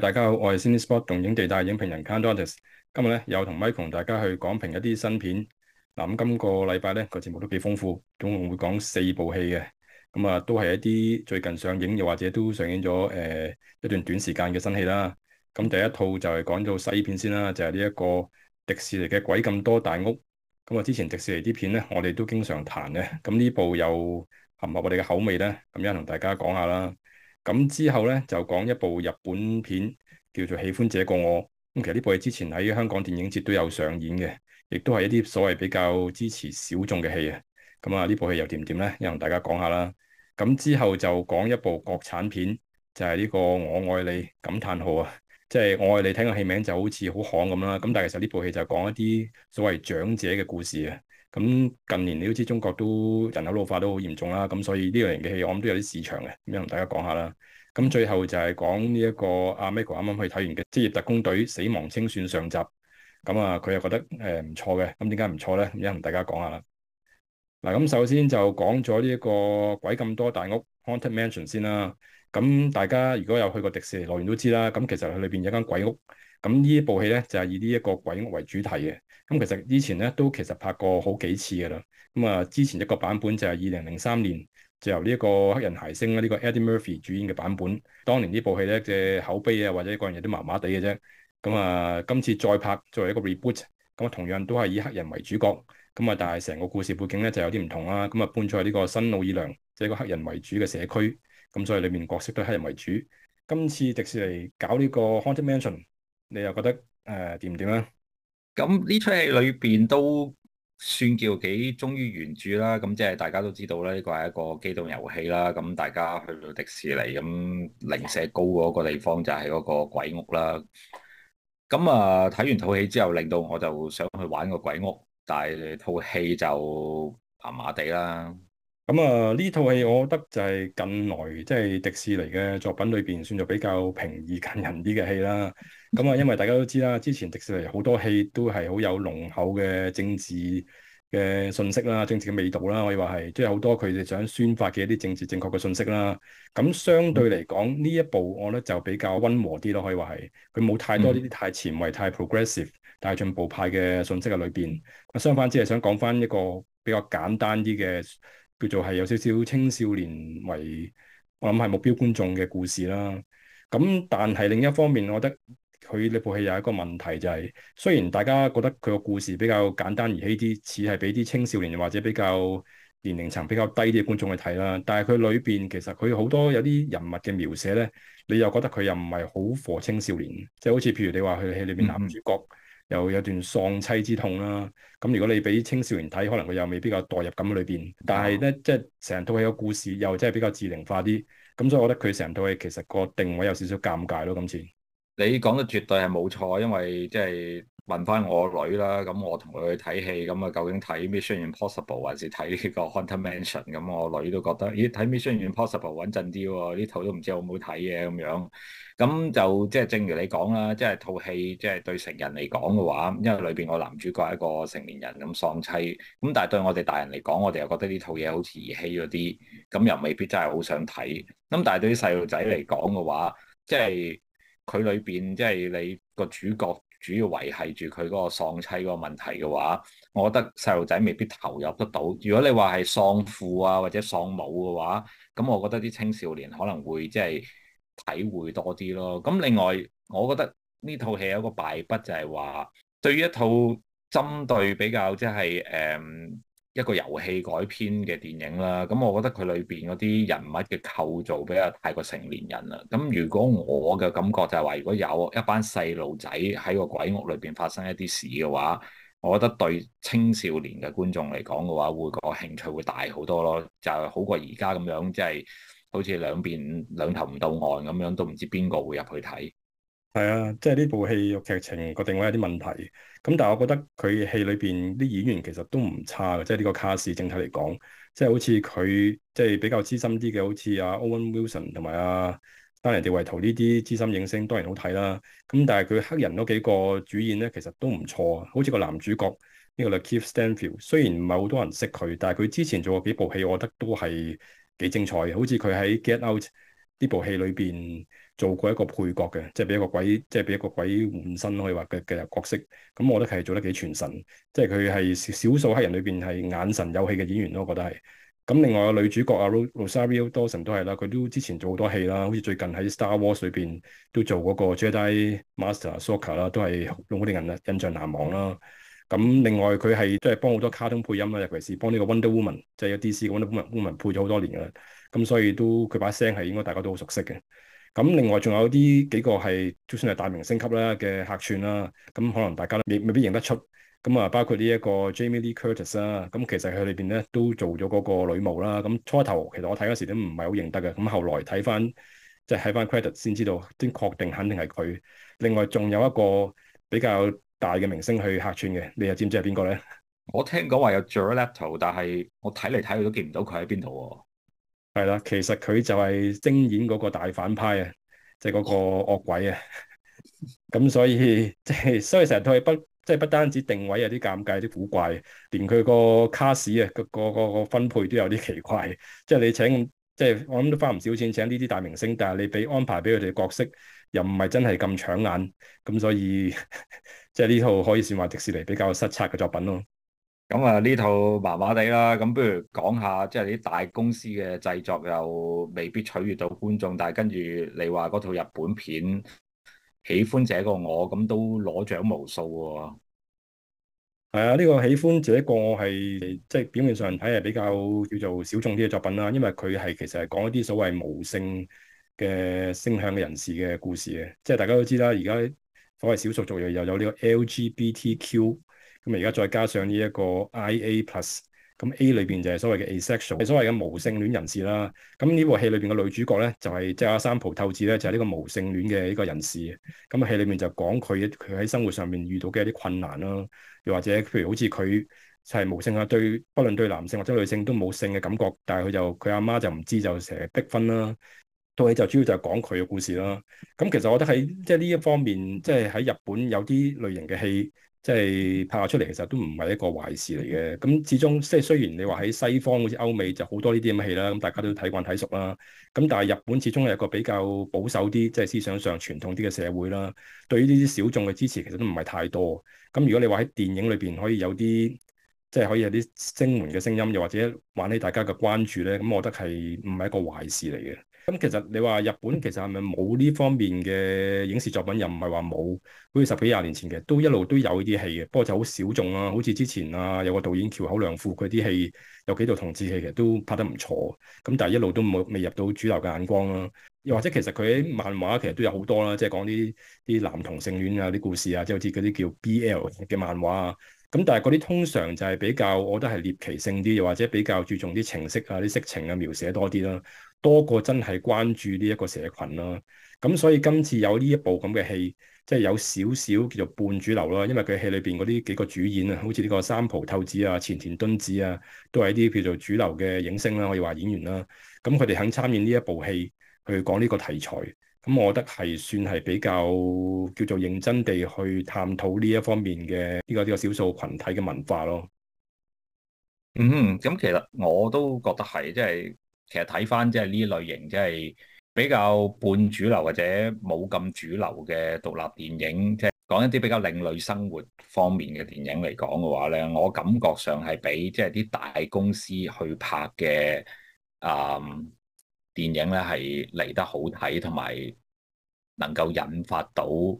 大家好，我係 Cinespot 動映地帶影評人 Kantorates 今日咧，又同 Mike 同大家去講評一啲新片。嗱，今個禮拜咧個節目都幾豐富，總共會講四部戲嘅，咁、嗯、啊都係一啲最近上映又或者都上映咗誒、呃、一段短時間嘅新戲啦。咁、嗯、第一套就係講到西片先啦，就係呢一個迪士尼嘅《鬼咁多大屋》。咁啊，之前迪士尼啲片咧，我哋都經常彈嘅，咁、嗯、呢部又合唔合我哋嘅口味咧？咁一係同大家講下啦。咁之後咧就講一部日本片叫做《喜歡這個我》，咁其實呢部戲之前喺香港電影節都有上演嘅，亦都係一啲所謂比較支持小眾嘅戲啊。咁啊，呢部戲又點唔點咧？又同大家講下啦。咁之後就講一部國產片，就係呢個《我愛你》感嘆號啊。即係我愛你聽個戲名就好似好巷咁啦，咁但係其實呢部戲就講一啲所謂長者嘅故事啊。咁近年你都知中國都人口老化都好嚴重啦，咁所以呢類型嘅戲我諗都有啲市場嘅。咁樣同大家講下啦。咁最後就係講呢一個阿 Michael 啱啱去睇完嘅《職業特工隊死亡清算》上集，咁啊佢又覺得誒唔錯嘅。咁點解唔錯咧？咁樣同大家講下啦。嗱，咁首先就講咗呢一個鬼咁多大屋 Haunted Mansion 先啦。咁大家如果有去過迪士尼樂園都知啦，咁其實佢裏邊有間鬼屋，咁呢一部戲咧就係、是、以呢一個鬼屋為主題嘅。咁其實之前咧都其實拍過好幾次噶啦。咁啊，之前一個版本就係二零零三年就由呢一個黑人諧星啦，呢、這個 Eddie Murphy 主演嘅版本。當年呢部戲咧嘅、就是、口碑啊，或者個人有啲麻麻地嘅啫。咁啊，今次再拍作為一個 reboot，咁啊同樣都係以黑人為主角。咁啊，但係成個故事背景咧就有啲唔同啦、啊。咁啊搬咗去呢個新奧爾良，即、就、係、是、個黑人為主嘅社區。咁所以裏面角色都黑人為主。今次迪士尼搞呢個 Haunted Mansion，你又覺得誒掂唔掂啊？咁呢出戲裏邊都算叫幾忠於原著啦。咁即係大家都知道咧，呢個係一個機動遊戲啦。咁大家去到迪士尼咁零舍高嗰個地方就係嗰個鬼屋啦。咁啊睇完套戲之後，令到我就想去玩個鬼屋，但係套戲就麻麻地啦。咁啊，呢、嗯、套戲我覺得就係近來即係、就是、迪士尼嘅作品裏邊，算做比較平易近人啲嘅戲啦。咁啊、嗯，因為大家都知啦，之前迪士尼好多戲都係好有濃厚嘅政治嘅信息啦，政治嘅味道啦，可以話係即係好多佢哋想宣發嘅一啲政治正確嘅信息啦。咁相對嚟講，呢、嗯、一部我覺得就比較溫和啲咯，可以話係佢冇太多呢啲太前衛、太 progressive、太進步派嘅信息喺裏邊。相反，只係想講翻一個比較簡單啲嘅。叫做係有少少青少年為，我諗係目標觀眾嘅故事啦。咁但係另一方面，我覺得佢呢部戲有一個問題就係，雖然大家覺得佢個故事比較簡單而稀啲，似係俾啲青少年或者比較年齡層比較低啲嘅觀眾去睇啦，但係佢裏邊其實佢好多有啲人物嘅描寫咧，你又覺得佢又唔係好 for 青少年，即係好似譬如你話佢戲裏邊男主角。嗯又有段喪妻之痛啦、啊，咁如果你俾青少年睇，可能佢又未必有代入感喺裏邊。但係咧，嗯、即係成套嘢嘅故事又真係比較智能化啲，咁所以我覺得佢成套嘢其實個定位有少少尷尬咯、啊。今次你講得絕對係冇錯，因為即係問翻我女啦，咁我同佢去睇戲，咁啊究竟睇《Mission Impossible》還是睇、這個《個 Haunted Mansion》？咁我女都覺得，咦、欸，睇《Mission Impossible》穩陣啲喎，呢套都唔知好唔好睇嘅咁樣。咁就即係正如你講啦，即係套戲即係對成人嚟講嘅話，因為裏邊個男主角係一個成年人咁喪妻，咁但係對我哋大人嚟講，我哋又覺得呢套嘢好似兒戲嗰啲，咁又未必真係好想睇。咁但係對啲細路仔嚟講嘅話，即係佢裏邊即係你個主角主要維係住佢嗰個喪妻個問題嘅話，我覺得細路仔未必投入得到。如果你話係喪父啊或者喪母嘅話，咁我覺得啲青少年可能會即係。體會多啲咯。咁另外，我覺得呢套戲有一個敗筆就係話，對於一套針對比較即係誒一個遊戲改編嘅電影啦。咁我覺得佢裏邊嗰啲人物嘅構造比較太過成年人啦。咁如果我嘅感覺就係話，如果有一班細路仔喺個鬼屋裏邊發生一啲事嘅話，我覺得對青少年嘅觀眾嚟講嘅話，會個興趣會大好多咯。就係好過而家咁樣即係。就是好似兩邊兩頭唔到岸咁樣，都唔知邊個會入去睇。係啊，即係呢部戲劇情個定位有啲問題。咁但係我覺得佢戲裏邊啲演員其實都唔差嘅，即係呢個卡士，整體嚟講，即係好似佢即係比較資深啲嘅，好似阿 Owen Wilson 同埋阿丹尼迪維圖呢啲資深影星當然好睇啦。咁但係佢黑人嗰幾個主演咧，其實都唔錯。好似個男主角呢個 Lakeith Stanfield，雖然唔係好多人識佢，但係佢之前做過幾部戲，我覺得都係，幾精彩嘅，好似佢喺《Get Out》呢部戲裏邊做過一個配角嘅，即係俾一個鬼，即係俾一個鬼換身去以話嘅嘅角色。咁我覺得佢係做得幾全神，即係佢係少少數黑人裏邊係眼神有戲嘅演員咯，我覺得係。咁另外個女主角阿 Rosario Dawson 都係啦，佢都之前做好多戲啦，好似最近喺《Star Wars》裏邊都做嗰個 Jedi Master Ahsoka 啦，都係令我哋印印象難忘啦。咁另外佢係即係幫好多卡通配音啦，尤其是幫呢個 Wonder Woman，即係有 DC 嘅 Wonder Woman，Woman 配咗好多年嘅，咁所以都佢把聲係應該大家都好熟悉嘅。咁另外仲有啲幾個係就算係大明星級啦嘅客串啦，咁可能大家都未未必認得出。咁啊，包括呢一個 Jamie Lee Curtis 啦。咁其實佢裏邊咧都做咗嗰個女巫啦。咁初頭其實我睇嗰時都唔係好認得嘅，咁後來睇翻即係睇翻 credit 先知道，先確定肯定係佢。另外仲有一個比較大嘅明星去客串嘅，你又知唔知係邊個咧？我聽講話有 Joelatto，但係我睇嚟睇去都見唔到佢喺邊度。係啦，其實佢就係精演嗰個大反派啊，即係嗰個惡鬼啊。咁 所以即係、就是，所以成日都係不，即、就、係、是、不單止定位有啲尷尬、啲古怪，連佢個卡 a s t 啊，個個分配都有啲奇怪。即、就、係、是、你請，即、就、係、是、我諗都花唔少錢請呢啲大明星，但係你俾安排俾佢哋角色。又唔係真係咁搶眼，咁所以即係呢套可以算話迪士尼比較失策嘅作品咯。咁啊呢套麻麻地啦，咁不如講下即係啲大公司嘅製作又未必取悅到觀眾，但係跟住你話嗰套日本片《喜歡這個我》咁都攞獎無數喎。係啊，呢個《喜歡這個我》係即係表面上睇係比較叫做小眾啲嘅作品啦，因為佢係其實係講一啲所謂無性嘅性向嘅人士嘅故事嘅，即係大家都知啦。而家所謂少數族裔又有呢個 LGBTQ，咁啊而家再加上呢一個 IA plus，咁 A 裏邊就係所謂嘅 asexual，所謂嘅無性戀人士啦。咁呢部戲裏邊嘅女主角咧，就係即係阿三浦透子咧，就係呢個無性戀嘅呢個人士。咁啊，戲裏面就講佢佢喺生活上面遇到嘅一啲困難啦，又或者譬如好似佢係無性啊，對不論對男性或者女性都冇性嘅感覺，但係佢就佢阿媽就唔知就成日逼婚啦。套戲就主要就係講佢嘅故事啦。咁其實我覺得喺即係呢一方面，即係喺日本有啲類型嘅戲，即係拍出嚟，其實都唔係一個壞事嚟嘅。咁始終即係雖然你話喺西方好似歐美就好多呢啲咁嘅戲啦，咁大家都睇慣睇熟啦。咁但係日本始終係一個比較保守啲，即係思想上傳統啲嘅社會啦。對於呢啲小眾嘅支持，其實都唔係太多。咁如果你話喺電影裏邊可以有啲，即係可以有啲聲援嘅聲音，又或者玩起大家嘅關注咧，咁我覺得係唔係一個壞事嚟嘅。咁、嗯、其實你話日本其實係咪冇呢方面嘅影視作品？又唔係話冇，好似十幾廿年前嘅都一路都有呢啲戲嘅，不過就好小眾啦、啊。好似之前啊，有個導演橋口亮輔，佢啲戲有幾套同志戲其實都拍得唔錯，咁但係一路都冇未入到主流嘅眼光啦、啊。又或者其實佢喺漫畫其實都有好多啦，即係講啲啲男同性戀啊啲故事啊，即係好似嗰啲叫 BL 嘅漫畫啊。咁但係嗰啲通常就係比較，我都係獵奇性啲，又或者比較注重啲情色啊、啲色情啊描寫多啲啦，多過真係關注呢一個社群啦。咁所以今次有呢一部咁嘅戲，即係有少少叫做半主流啦，因為佢戲裏邊嗰啲幾個主演啊，好似呢個三浦透子啊、前田敦子啊，都係一啲叫做主流嘅影星啦，可以話演員啦。咁佢哋肯參演呢一部戲，去講呢個題材。咁我覺得係算係比較叫做認真地去探討呢一方面嘅呢個呢個少數群體嘅文化咯。嗯，咁其實我都覺得係，即係其實睇翻即係呢類型即係比較半主流或者冇咁主流嘅獨立電影，即係講一啲比較另類生活方面嘅電影嚟講嘅話咧，我感覺上係比即係啲大公司去拍嘅啊。Um, 電影咧係嚟得好睇，同埋能夠引發到我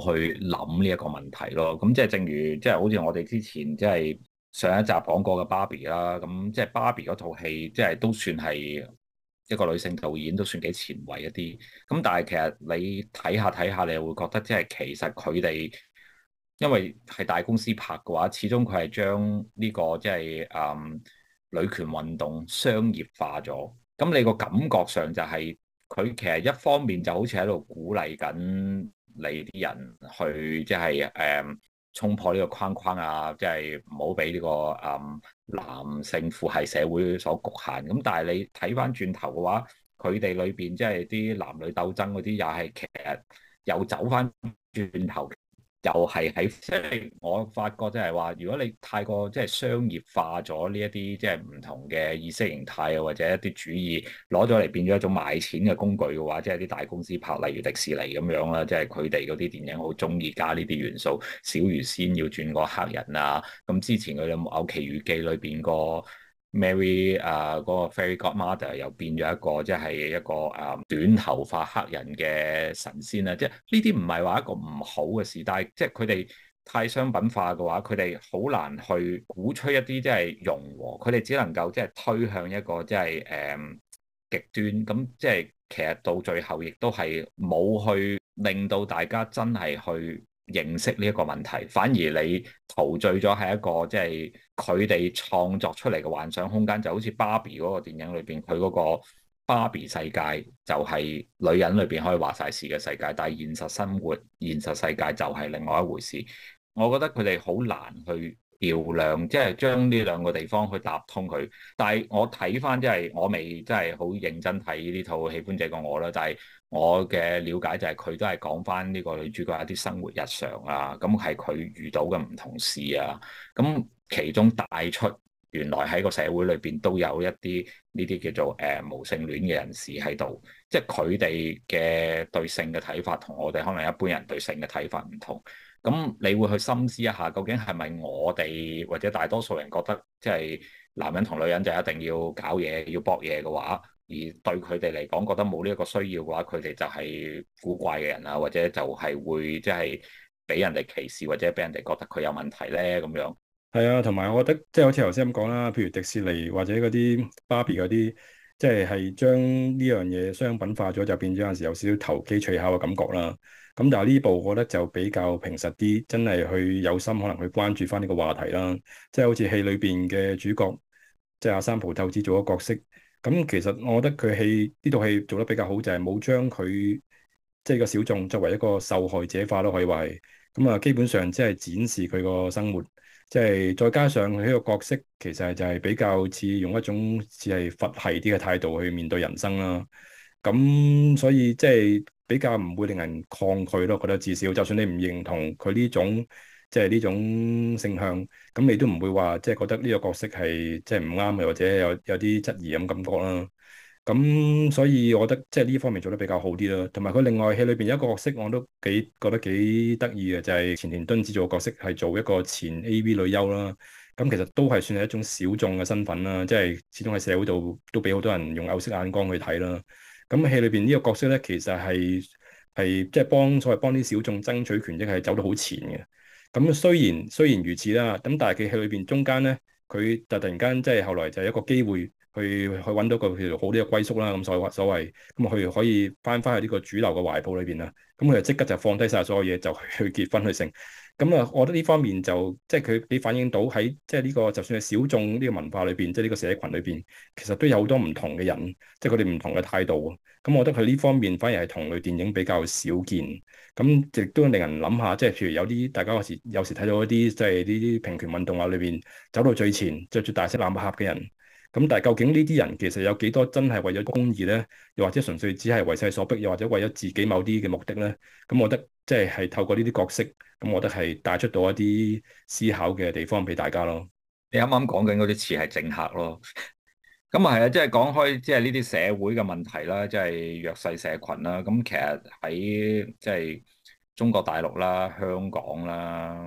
去諗呢一個問題咯。咁即係正如即係好似我哋之前即係上一集講過嘅芭比啦，咁即係芭比嗰套戲即係都算係一個女性導演都算幾前衞一啲。咁但係其實你睇下睇下，你會覺得即係其實佢哋因為係大公司拍嘅話，始終佢係將呢個即係嗯女權運動商業化咗。咁你個感覺上就係、是、佢其實一方面就好似喺度鼓勵緊你啲人去即係誒衝破呢個框框啊，即係唔好俾呢個誒、嗯、男性父系社會所局限。咁但係你睇翻轉頭嘅話，佢哋裏邊即係啲男女鬥爭嗰啲，又係其實又走翻轉頭。又係喺即係我發覺，即係話，如果你太過即係、就是、商業化咗呢一啲即係唔同嘅意識形態啊，或者一啲主義攞咗嚟變咗一種賣錢嘅工具嘅話，即係啲大公司拍，例如迪士尼咁樣啦，即係佢哋嗰啲電影好中意加呢啲元素，小魚仙要轉個黑人啊。咁之前佢哋有冇《偶奇遇記》裏邊、嗰個？Mary 啊，嗰個 Fairy Godmother 又變咗一個，即係一個誒、um, 短頭髮黑人嘅神仙啦。即係呢啲唔係話一個唔好嘅事，但係，即係佢哋太商品化嘅話，佢哋好難去鼓吹一啲即係融和，佢哋只能夠即係推向一個即係誒極端。咁即係其實到最後亦都係冇去令到大家真係去認識呢一個問題，反而你陶醉咗喺一個即係佢哋創作出嚟嘅幻想空間，就好似芭比嗰個電影裏邊佢嗰個芭比世界就係女人裏邊可以話晒事嘅世界，但係現實生活、現實世界就係另外一回事。我覺得佢哋好難去。橋梁即係將呢兩個地方去搭通佢，但係我睇翻即係我未即係好認真睇呢套喜歡姐過我啦，但係我嘅了解就係、是、佢都係講翻呢個女主角一啲生活日常啊，咁係佢遇到嘅唔同事啊，咁其中帶出原來喺個社會裏邊都有一啲呢啲叫做誒無性戀嘅人士喺度，即係佢哋嘅對性嘅睇法同我哋可能一般人對性嘅睇法唔同。咁你會去深思一下，究竟係咪我哋或者大多數人覺得，即係男人同女人就一定要搞嘢、要搏嘢嘅話，而對佢哋嚟講覺得冇呢一個需要嘅話，佢哋就係古怪嘅人啊，或者就係會即係俾人哋歧視或者俾人哋覺得佢有問題咧咁樣。係啊，同埋我覺得即係好似頭先咁講啦，譬如迪士尼或者嗰啲芭比嗰啲，即係係將呢樣嘢商品化咗，就變咗有陣時有少少投機取巧嘅感覺啦。咁但係呢部，我覺得就比較平實啲，真係去有心可能去關注翻呢個話題啦。即係好似戲裏邊嘅主角，即係阿三浦透子做嘅角色。咁其實我覺得佢戲呢套戲做得比較好，就係冇將佢即係個小眾作為一個受害者化咯，可以話。咁啊，基本上即係展示佢個生活，即係再加上佢呢個角色，其實就係比較似用一種似係佛系啲嘅態度去面對人生啦。咁所以即係。比較唔會令人抗拒咯，覺得至少就算你唔認同佢呢種即係呢種性向，咁你都唔會話即係覺得呢個角色係即係唔啱，或者有有啲質疑咁感覺啦。咁所以，我覺得即係呢方面做得比較好啲啦。同埋佢另外戲裏邊有一個角色我，我都幾覺得幾得意嘅，就係前田敦子做嘅角色係做一個前 AV 女優啦。咁其實都係算係一種小眾嘅身份啦，即係始終喺社會度都俾好多人用有色眼光去睇啦。咁戲裏邊呢個角色咧，其實係係即係幫所謂幫啲小眾爭取權益係走得好前嘅。咁雖然雖然如此啦，咁但係佢戲裏邊中間咧，佢就突然間即係後來就係一個機會去去揾到個譬如好啲嘅歸宿啦，咁所所謂咁佢、嗯、可以翻返去呢個主流嘅懷抱裏邊啦。咁、嗯、佢就即刻就放低晒所有嘢，就去，去結婚去成。咁啊、嗯，我覺得呢方面就即係佢幾反映到喺即係呢、呢個就算係小眾呢個文化裏邊，即係呢個社群裏邊，其實都有好多唔同嘅人，即係佢哋唔同嘅態度。咁、嗯、我覺得佢呢方面反而係同類電影比較少見，咁、嗯、亦都令人諗下，即係譬如有啲大家有時有時睇到一啲即係呢啲平權運動啊裏邊走到最前，着住大色喇叭俠嘅人。咁但係究竟呢啲人其實有幾多真係為咗公義咧？又或者純粹只係為勢所逼？又或者為咗自己某啲嘅目的咧？咁我覺得即係係透過呢啲角色，咁我覺得係帶出到一啲思考嘅地方俾大家咯。你啱啱講緊嗰啲詞係政客咯。咁啊係啊，即係講開，即係呢啲社會嘅問題啦，即係弱勢社群啦。咁其實喺即係中國大陸啦、香港啦，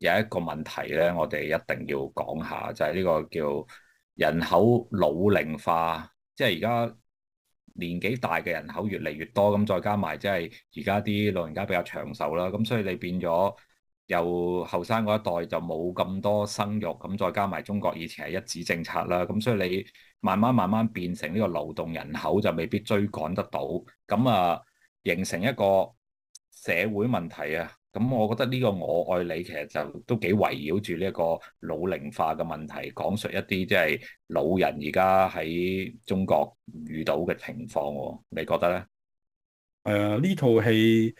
有一個問題咧，我哋一定要講下，就係呢個叫人口老齡化，即係而家年紀大嘅人口越嚟越多，咁再加埋即係而家啲老人家比較長壽啦，咁所以你變咗由後生嗰一代就冇咁多生育，咁再加埋中國以前係一子政策啦，咁所以你慢慢慢慢變成呢個勞動人口就未必追趕得到，咁啊形成一個社會問題啊。咁、嗯、我覺得呢個我愛你其實就都幾圍繞住呢一個老齡化嘅問題，講述一啲即係老人而家喺中國遇到嘅情況，哦。你覺得咧？誒、啊，呢套戲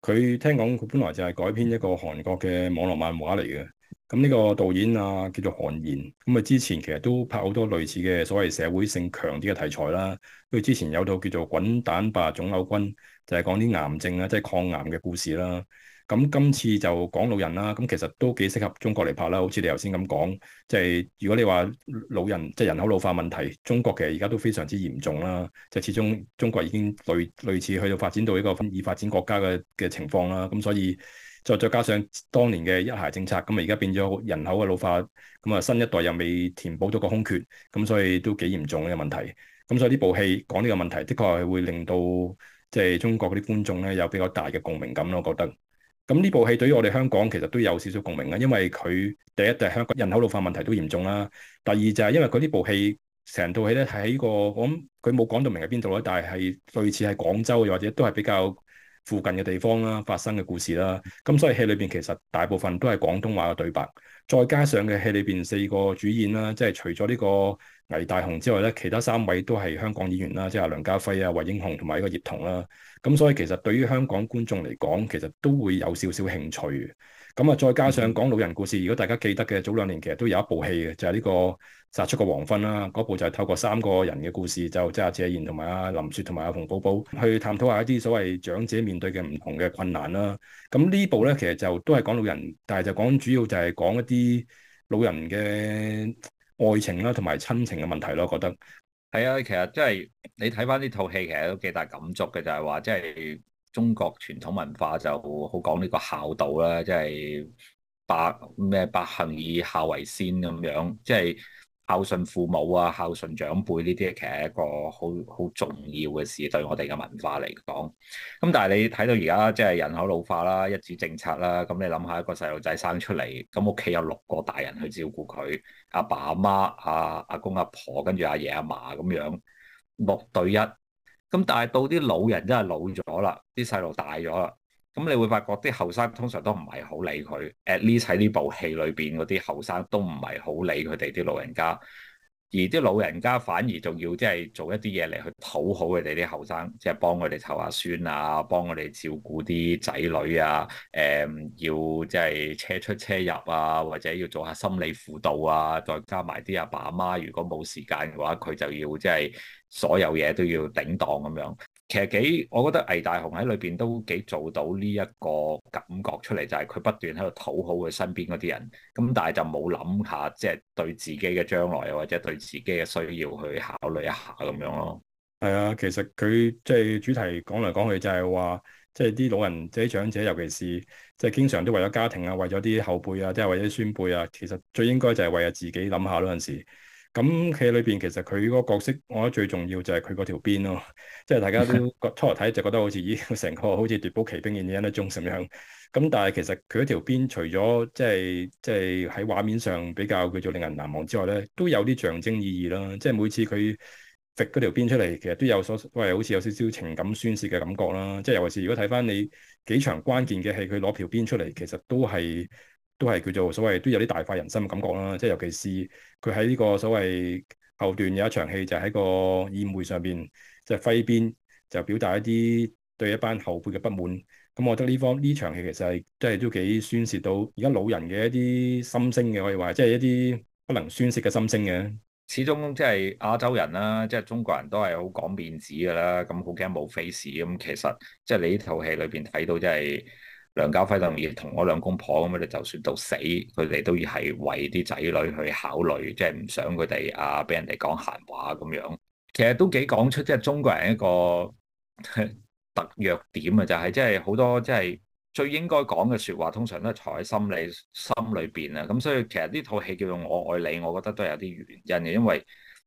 佢聽講佢本來就係改編一個韓國嘅網絡漫畫嚟嘅。咁呢個導演啊，叫做韓延。咁啊，之前其實都拍好多類似嘅所謂社會性強啲嘅題材啦。佢之前有套叫做《滾蛋吧，腫瘤君》，就係、是、講啲癌症啊，即、就、係、是、抗癌嘅故事啦。咁今次就講老人啦，咁其實都幾適合中國嚟拍啦。好似你頭先咁講，即係如果你話老人即係人口老化問題，中國其實而家都非常之嚴重啦。即係始終中國已經類類似去到發展到一個已發展國家嘅嘅情況啦。咁所以再再加上當年嘅一孩政策，咁啊而家變咗人口嘅老化，咁啊新一代又未填補到個空缺，咁所以都幾嚴重嘅問題。咁所以呢部戲講呢個問題，的確係會令到即係中國嗰啲觀眾咧有比較大嘅共鳴感咯，我覺得。咁呢部戲對於我哋香港其實都有少少共鳴嘅，因為佢第一就係、是、香港人口老化問題都嚴重啦。第二就係因為佢呢部戲成套戲咧係喺個，我諗佢冇講到明係邊度啦，但係類似係廣州又或者都係比較。附近嘅地方啦，發生嘅故事啦，咁所以戲裏邊其實大部分都係廣東話嘅對白，再加上嘅戲裏邊四個主演啦，即係除咗呢個倪大紅之外咧，其他三位都係香港演員啦，即係梁家輝啊、惠英紅同埋呢個葉童啦，咁所以其實對於香港觀眾嚟講，其實都會有少少興趣嘅。咁啊，再加上講老人故事，如果大家記得嘅早兩年其實都有一部戲嘅，就係呢個。殺出個黃昏啦，嗰部就係透過三個人嘅故事，就即係阿謝賢同埋阿林雪同埋阿馮寶寶去探討下一啲所謂長者面對嘅唔同嘅困難啦。咁呢部咧，其實就都係講老人，但係就講主要就係講一啲老人嘅愛情啦，同埋親情嘅問題咯。覺得係啊，其實即係你睇翻呢套戲，其實都幾大感觸嘅，就係話即係中國傳統文化就好講呢個孝道啦，即係百咩百行以孝為先咁樣，即係。孝順父母啊，孝順長輩呢啲，其實一個好好重要嘅事，對我哋嘅文化嚟講。咁但係你睇到而家即係人口老化啦，一子政策啦，咁你諗下一個細路仔生出嚟，咁屋企有六個大人去照顧佢，啊，阿爸阿媽、阿阿公阿婆，跟住阿爺阿嫲咁樣六對一。咁但係到啲老人真係老咗啦，啲細路大咗啦。咁你會發覺啲後生通常都唔係好理佢，at least 喺呢部戲裏邊嗰啲後生都唔係好理佢哋啲老人家，而啲老人家反而仲要即係做一啲嘢嚟去討好佢哋啲後生，即係幫佢哋湊下孫啊，幫佢哋照顧啲仔女啊，誒要即係車出車入啊，或者要做下心理輔導啊，再加埋啲阿爸阿媽，如果冇時間嘅話，佢就要即係所有嘢都要頂檔咁樣。其實幾，我覺得倪大紅喺裏邊都幾做到呢一個感覺出嚟，就係、是、佢不斷喺度討好佢身邊嗰啲人，咁但係就冇諗下，即係對自己嘅將來或者對自己嘅需要去考慮一下咁樣咯。係啊，其實佢即係主題講嚟講去就係話，即係啲老人、啲、就是、長者，尤其是即係、就是、經常都為咗家庭啊、為咗啲後輩啊，即係為咗孫輩啊，其實最應該就係為咗自己諗下嗰陣時。咁戲裏邊其實佢嗰個角色，我覺得最重要就係佢嗰條鞭咯，即係大家都覺初頭睇就覺得好似咦成個好似奪寶奇兵咁樣咧，中神咁樣。咁但係其實佢一條鞭除咗即係即係喺畫面上比較叫做令人難忘之外咧，都有啲象徵意義啦。即係每次佢搣嗰條鞭出嚟，其實都有所喂、哎，好似有少少情感宣泄嘅感覺啦。即係尤其是如果睇翻你幾場關鍵嘅戲，佢攞條鞭出嚟，其實都係。都係叫做所謂，都有啲大快人心嘅感覺啦。即係尤其是佢喺呢個所謂後段有一場戲，就喺、是、個宴會上面、就是、邊，即係揮鞭就表達一啲對一班後輩嘅不滿。咁、嗯、我覺得呢方呢場戲其實係即係都幾宣泄到而家老人嘅一啲心聲嘅，可以話即係一啲不能宣泄嘅心聲嘅。始終即係亞洲人啦、啊，即、就、係、是、中國人都係好講面子㗎啦，咁好驚冇 face 咁其實即係你呢套戲裏邊睇到即、就、係、是。梁家輝就要同我兩公婆咁，佢哋就算到死，佢哋都要係為啲仔女去考慮，即係唔想佢哋啊俾人哋講閒話咁樣。其實都幾講出即係、就是、中國人一個特 弱點啊、就是，就係即係好多即係、就是、最應該講嘅說話，通常都係藏喺心理，心裏邊啊。咁所以其實呢套戲叫做我愛你，我覺得都有啲原因嘅，因為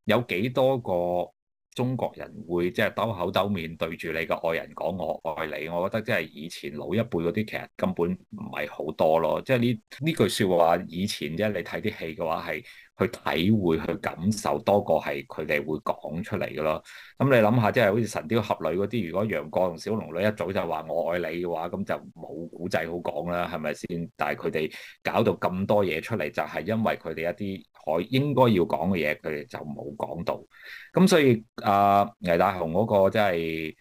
有幾多個。中國人會即係兜口兜面對住你個愛人講我愛你，我覺得即係以前老一輩嗰啲其實根本唔係好多咯，即係呢呢句説話以前即係，你睇啲戲嘅話係。去體會去感受多過係佢哋會講出嚟嘅咯。咁你諗下，即係好似神雕俠侶嗰啲，如果楊過同小龍女一早就話我愛你嘅話，咁就冇古仔好講啦，係咪先？但係佢哋搞到咁多嘢出嚟，就係因為佢哋一啲可應該要講嘅嘢，佢哋就冇講到。咁所以阿倪大紅嗰個真係。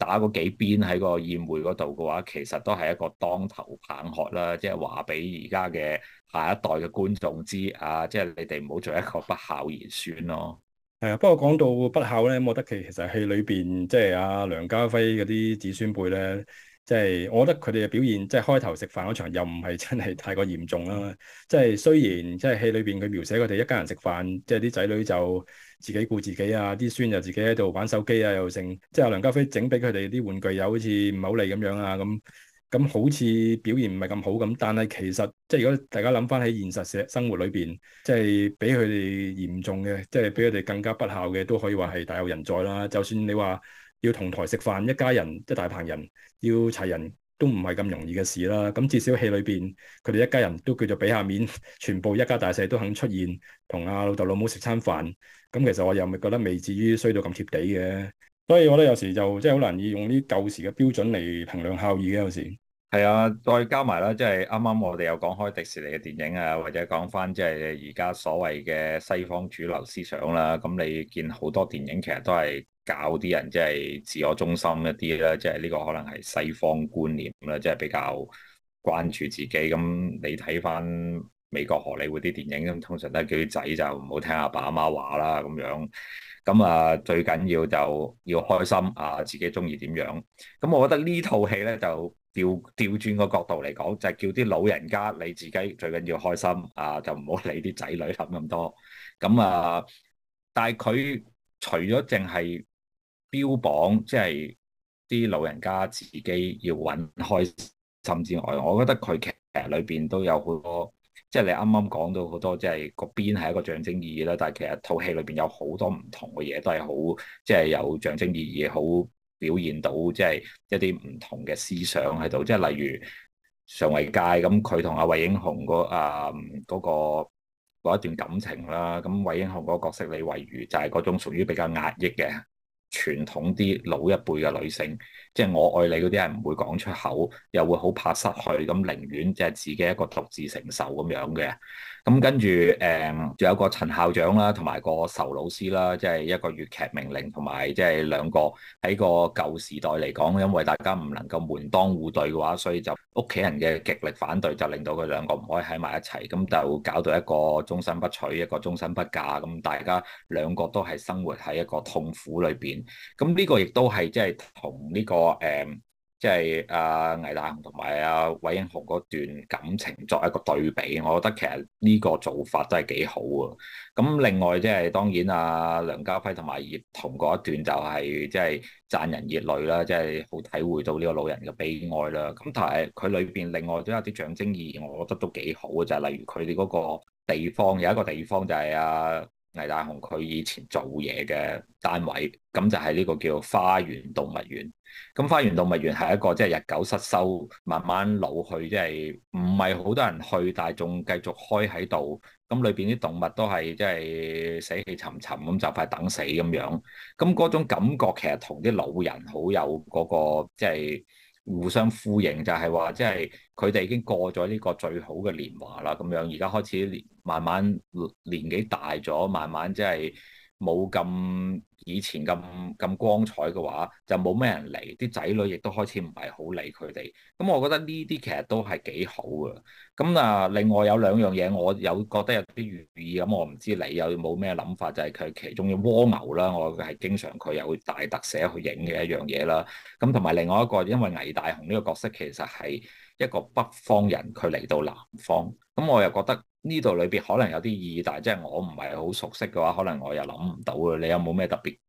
打嗰幾鞭喺個宴會嗰度嘅話，其實都係一個當頭棒喝啦，即係話俾而家嘅下一代嘅觀眾知啊，即係你哋唔好做一個不孝兒孫咯。係啊，不過講到不孝咧，我覺得其實戲裏邊即係阿梁家輝嗰啲子孫輩咧。即係我覺得佢哋嘅表現，即係開頭食飯嗰場又唔係真係太過嚴重啦。即係雖然即係戲裏邊佢描寫佢哋一家人食飯，即係啲仔女就自己顧自己啊，啲孫又自己喺度玩手機啊，又剩。即係梁家輝整俾佢哋啲玩具又好似唔係好利咁樣啊，咁咁好似表現唔係咁好咁。但係其實即係如果大家諗翻喺現實社生活裏邊，即係比佢哋嚴重嘅，即係比佢哋更加不孝嘅，都可以話係大有人在啦。就算你話。要同台食飯，一家人一大棚人要齊人，都唔係咁容易嘅事啦。咁至少戲裏邊佢哋一家人都叫做俾下面，全部一家大細都肯出現，同阿老豆老母食餐飯。咁其實我又咪覺得未至於衰到咁貼地嘅。所以我覺得有時就即係好難以用啲舊時嘅標準嚟評量效益嘅有時。係啊，再加埋啦，即係啱啱我哋又講開迪士尼嘅電影啊，或者講翻即係而家所謂嘅西方主流思想啦。咁你見好多電影其實都係。搞啲人即係自我中心一啲啦，即係呢個可能係西方觀念啦，即係比較關注自己。咁你睇翻美國荷里活啲電影，咁通常都叫啲仔就唔好聽阿爸阿媽話啦，咁樣。咁啊，最緊要就要開心啊，自己中意點樣。咁我覺得呢套戲咧就調調轉個角度嚟講，就係叫啲老人家你自己最緊要開心啊，就唔好理啲仔女諗咁多。咁啊，但係佢除咗淨係。標榜即係啲老人家自己要揾開心，甚至外外我覺得佢劇裏邊都有好多，即係你啱啱講到好多，即係個邊係一個象徵意義啦。但係其實套戲裏邊有好多唔同嘅嘢，都係好即係有象徵意義，好表現到即係一啲唔同嘅思想喺度。即係例如常爲戒咁，佢同阿惠英紅嗰啊嗰個嗰一段感情啦。咁惠英紅嗰個角色李慧如就係嗰種屬於比較壓抑嘅。傳統啲老一輩嘅女性。即係我愛你嗰啲人唔會講出口，又會好怕失去，咁寧願即係自己一個獨自承受咁樣嘅。咁跟住誒仲有一個陳校長啦，同埋個仇老師啦，即係一個粵劇名伶同埋即係兩個喺個舊時代嚟講，因為大家唔能夠門當戶對嘅話，所以就屋企人嘅極力反對就令到佢兩個唔可以喺埋一齊，咁就搞到一個終身不娶，一個終身不嫁，咁大家兩個都係生活喺一個痛苦裏邊，咁呢個亦都係即係同呢個。個、嗯、即係阿倪大、啊、英雄同埋阿惠英紅嗰段感情作一個對比，我覺得其實呢個做法真係幾好喎。咁另外即、就、係、是、當然阿、啊、梁家輝同埋葉童嗰一段就係即係賺人熱淚啦，即、就、係、是、好體會到呢個老人嘅悲哀啦。咁但係佢裏邊另外都有啲象徵意義，我覺得都幾好嘅就係、是、例如佢哋嗰個地方有一個地方就係阿、啊。倪大紅佢以前做嘢嘅單位，咁就係呢個叫花園動物園。咁花園動物園係一個即係日久失修、慢慢老去，即係唔係好多人去，但係仲繼續開喺度。咁裏邊啲動物都係即係死氣沉沉咁，就快等死咁樣。咁嗰種感覺其實同啲老人好有嗰、嗰個即係。即係互相呼應就係話，即係佢哋已經過咗呢個最好嘅年華啦。咁樣而家開始年慢慢年紀大咗，慢慢即係冇咁以前咁咁光彩嘅話，就冇咩人嚟，啲仔女亦都開始唔係好理佢哋。咁我覺得呢啲其實都係幾好嘅。咁嗱，另外有兩樣嘢，我有覺得有啲寓意。咁我唔知你有冇咩諗法，就係佢其中嘅蝸牛啦。我係經常佢有大特寫去影嘅一樣嘢啦。咁同埋另外一個，因為倪大紅呢個角色其實係一個北方人，佢嚟到南方。咁我又覺得呢度裏邊可能有啲意義，但係即係我唔係好熟悉嘅話，可能我又諗唔到啊。你有冇咩特別？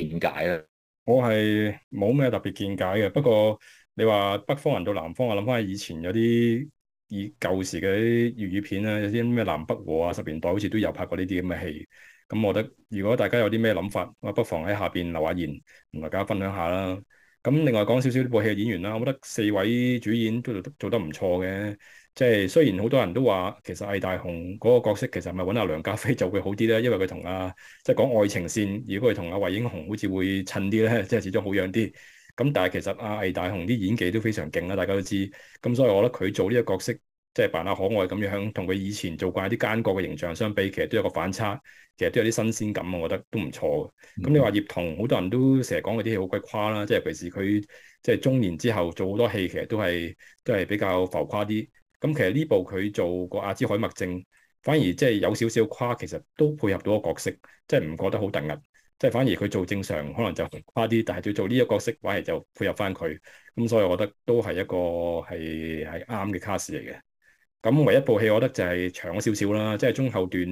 見解啦，我係冇咩特別見解嘅。不過你話北方人到南方，我諗翻以前有啲以舊時嘅啲粵語片啊，有啲咩南北和啊，十年代好似都有拍過呢啲咁嘅戲。咁我覺得如果大家有啲咩諗法，不妨喺下邊留下言，同大家分享下啦。咁另外講少少呢部戲嘅演員啦，我覺得四位主演都做得唔錯嘅。即係雖然好多人都話，其實倪大紅嗰個角色其實咪揾阿梁家輝就會好啲咧，因為佢同阿即係講愛情線，如果佢同阿惠英紅好似會襯啲咧，即係始終好樣啲。咁但係其實阿、啊、倪大紅啲演技都非常勁啦，大家都知。咁所以我覺得佢做呢個角色，即係扮下可愛咁樣，同佢以前做慣啲奸角嘅形象相比，其實都有個反差，其實都有啲新鮮感，我覺得都唔錯嘅。咁、嗯、你話葉童好多人都成日講佢啲戲好鬼誇啦，即係尤其是佢即係中年之後做好多戲，其實都係都係比較浮誇啲。咁其實呢部佢做過阿茲海默症，反而即係有少少誇，其實都配合到個角色，即係唔覺得好突兀。即係反而佢做正常，可能就誇啲，但係佢做呢個角色話係就配合翻佢。咁所以我覺得都係一個係係啱嘅卡士嚟嘅。咁唯一,一部戲，我覺得就係長咗少少啦，即係中後段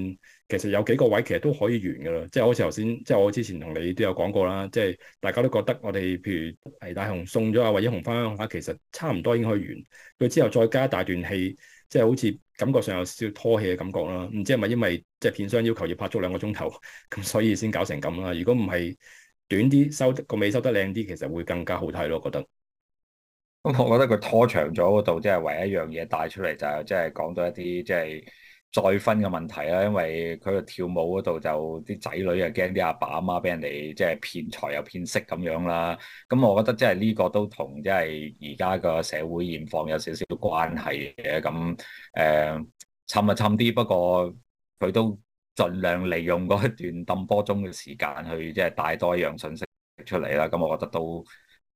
其實有幾個位，其實都可以完噶啦，即係好似頭先，即係我之前同你都有講過啦，即係大家都覺得我哋譬如黎大雄送咗阿惠英紅返鄉下，其實差唔多已經可以完，佢之後再加一大段戲，即係好似感覺上有少少拖戲嘅感覺啦，唔知係咪因為即係片商要求要拍足兩個鐘頭，咁所以先搞成咁啦。如果唔係短啲，收個尾收得靚啲，其實會更加好睇咯，我覺得。咁我覺得佢拖長咗嗰度，即係唯一一樣嘢帶出嚟就係，即係講到一啲即係再婚嘅問題啦。因為佢跳舞嗰度就啲仔女啊，驚啲阿爸阿媽俾人哋即係騙財又騙色咁樣啦。咁我覺得即係呢個都同即係而家個社會現況有少少關係嘅。咁誒、呃，沉就沉啲，不過佢都盡量利用嗰一段冧波鐘嘅時間去即係帶多一樣信息出嚟啦。咁我覺得都。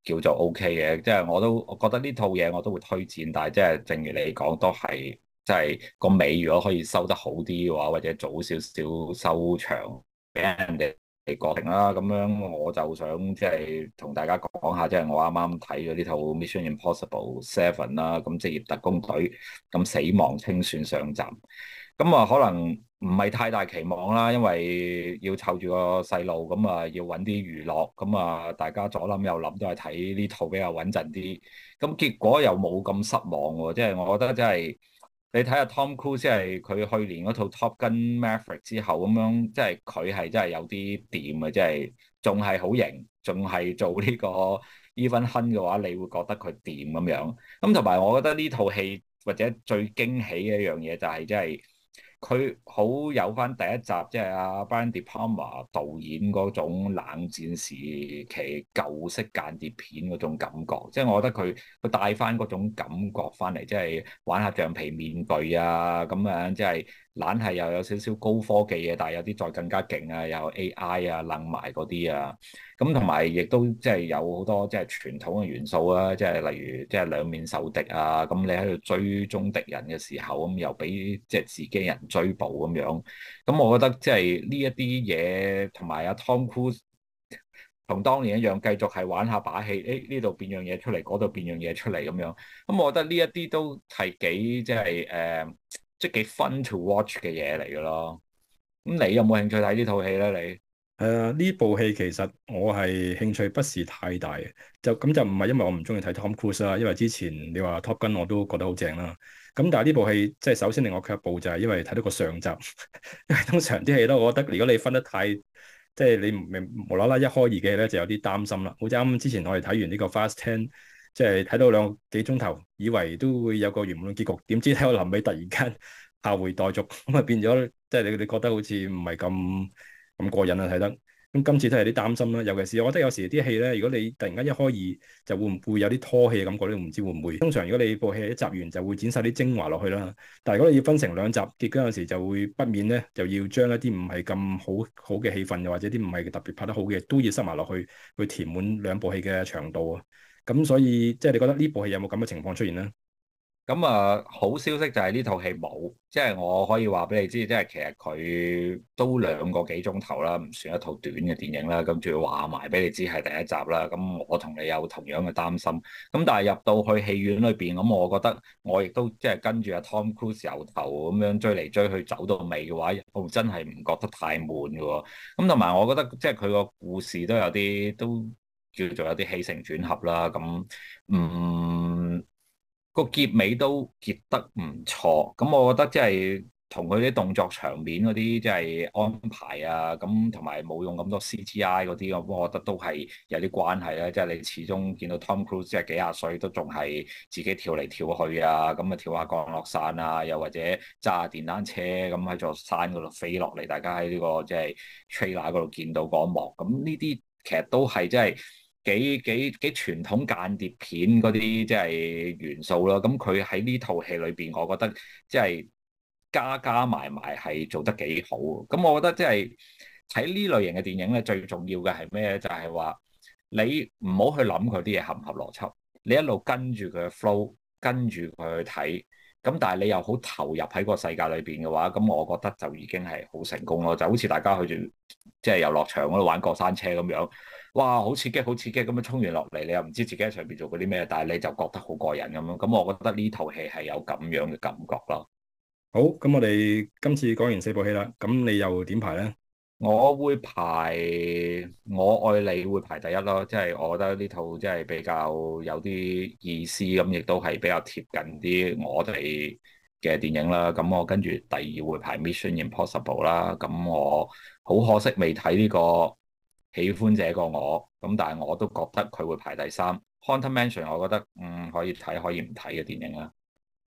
叫做 OK 嘅，即係我都我覺得呢套嘢我都會推薦，但係即係正如你講，都係即係個尾如果可以收得好啲嘅話，或者早少少收場俾人哋嚟確定啦。咁樣我就想即係同大家講下，即係我啱啱睇咗呢套 Mission Impossible Seven 啦，咁職業特工隊，咁死亡清算上集，咁啊可能，唔係太大期望啦，因為要湊住個細路，咁啊要揾啲娛樂，咁啊大家左諗右諗都係睇呢套比較穩陣啲。咁結果又冇咁失望喎。即係我覺得，即係你睇下 Tom Cruise 係佢去年嗰套 Top Gun Maverick 之後咁樣，即係佢係真係有啲掂啊！即係仲係好型，仲係做呢個伊芬亨嘅話，你會覺得佢掂咁樣。咁同埋我覺得呢套戲或者最驚喜嘅一樣嘢就係真係。就係佢好有翻第一集即係阿 Brian De p 班迪潘華導演嗰種冷戰時期舊式間諜片嗰種感覺，即係我覺得佢佢帶翻嗰種感覺翻嚟，即係玩下橡皮面具啊咁樣即係懶係又有少少高科技嘅，啊，但係有啲再更加勁啊，有 AI 啊，楞埋嗰啲啊，咁同埋亦都即係有好多即係傳統嘅元素啦，啊，即係例如即係兩面受敵啊，咁你喺度追蹤敵人嘅時候，咁又俾即係自己人。水捕咁樣，咁我覺得即係呢一啲嘢，同埋阿 Tom Cruise 同當年一樣，繼續係玩下把戲。誒呢度變樣嘢出嚟，嗰度變樣嘢出嚟咁樣。咁我覺得呢一啲都係幾即係誒，即係幾 fun to watch 嘅嘢嚟嘅咯。咁你有冇興趣睇呢套戲咧？你？誒，呢、呃、部戲其實我係興趣不是太大嘅，就咁就唔係因為我唔中意睇 Tom Cruise 啦，因為之前你話 Top Gun 我都覺得好正啦，咁但係呢部戲即係首先令我卻步就係因為睇到個上集， 因為通常啲戲都我覺得如果你分得太，即係你唔明無啦啦一開二嘅咧，就有啲擔心啦。好似啱啱之前我哋睇完呢個 Fast Ten，即係睇到兩個幾鐘頭，以為都會有個圓滿結局，點知睇到臨尾突然間下回待續，咁啊變咗即係你你覺得好似唔係咁。咁過癮啊，睇得咁今次都係有啲擔心啦，尤其是我覺得有時啲戲咧，如果你突然間一開二，就會唔會有啲拖戲嘅感覺，都唔知會唔會。通常如果你部戲一集完，就會剪晒啲精華落去啦。但係如果你要分成兩集，結果有時就會不免咧，就要將一啲唔係咁好好嘅戲份，又或者啲唔係特別拍得好嘅，都要塞埋落去，去填滿兩部戲嘅長度啊。咁所以即係、就是、你覺得呢部戲有冇咁嘅情況出現咧？咁啊，好消息就係呢套戲冇，即係我可以話俾你知，即係其實佢都兩個幾鐘頭啦，唔算一套短嘅電影啦。咁仲要話埋俾你知係第一集啦。咁我同你有同樣嘅擔心。咁但係入到去戲院裏邊，咁我覺得我亦都即係跟住阿 Tom Cruise 由頭咁樣追嚟追去走到尾嘅話，我真係唔覺得太悶㗎喎。咁同埋我覺得即係佢個故事都有啲都叫做有啲起承轉合啦。咁嗯。個結尾都結得唔錯，咁我覺得即係同佢啲動作場面嗰啲即係安排啊，咁同埋冇用咁多 CGI 嗰啲，我覺得都係有啲關係啦。即係你始終見到 Tom Cruise 即係幾廿歲都仲係自己跳嚟跳去啊，咁啊跳下降落傘啊，又或者揸下電單車咁喺座山嗰度飛落嚟，大家喺呢個即係 trailer 嗰度見到嗰一幕，咁呢啲其實都係即係。幾幾幾傳統間諜片嗰啲即係元素咯，咁佢喺呢套戲裏邊，我覺得即係加加埋埋係做得幾好。咁我覺得即係睇呢類型嘅電影咧，最重要嘅係咩？就係話你唔好去諗佢啲嘢合唔合邏輯，你一路跟住佢嘅 flow，跟住佢去睇，咁但係你又好投入喺個世界裏邊嘅話，咁我覺得就已經係好成功咯。就好似大家去住即係遊樂場嗰度玩過山車咁樣。哇！好刺激，好刺激咁啊！咁樣衝完落嚟，你又唔知自己喺上邊做過啲咩，但係你就覺得好過癮咁樣。咁我覺得呢套戲係有咁樣嘅感覺咯。好，咁我哋今次講完四部戲啦。咁你又點排呢？我會排《我愛你》會排第一咯，即係我覺得呢套即係比較有啲意思，咁亦都係比較貼近啲我哋嘅電影啦。咁我跟住第二會排《Mission Impossible》啦。咁我好可惜未睇呢個。喜歡這個我，咁但係我都覺得佢會排第三。Haunted Mansion、um、我覺得嗯可以睇可以唔睇嘅電影啦。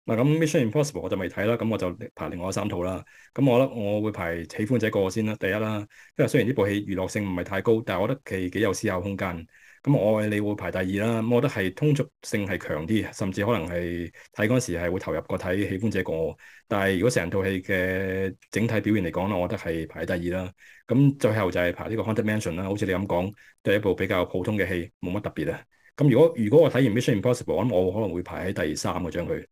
嗱，咁 Mission Impossible 我就未睇啦，咁我就排另外三套啦。咁我覺得我會排喜歡這個我先啦，第一啦，因為雖然呢部戲娛樂性唔係太高，但係我覺得佢幾有思考空間。咁我愛你會排第二啦，我覺得係通俗性係強啲，甚至可能係睇嗰陣時係會投入過睇喜歡這個我，但係如果成套戲嘅整體表現嚟講咧，我覺得係排第二啦。咁最後就係排呢個《Haunted Mansion》啦，好似你咁講，都係一部比較普通嘅戲，冇乜特別啊。咁如果如果我睇完《Mission Impossible》，咁我，我可能會排喺第三個將佢。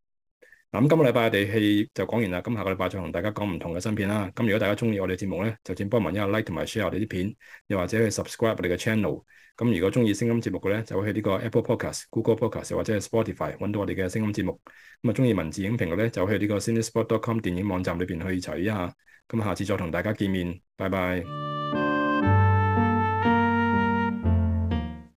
咁、啊、今個禮拜我哋戲就講完啦。咁下個禮拜再同大家講唔同嘅新片啦。咁、嗯、如果大家中意我哋節目咧，就請幫埋一下 like 同埋 share 我哋啲片，又或者去 subscribe 我哋嘅 channel。咁、嗯、如果中意聲音節目嘅咧，就去呢個 Apple Podcast、Google Podcast 或者 Spotify 搵到我哋嘅聲音節目。咁啊，中意文字影評嘅咧，就去呢個 Cinespot.com 電影網站裏邊去睇一下。咁、嗯、下次再同大家見面，拜拜。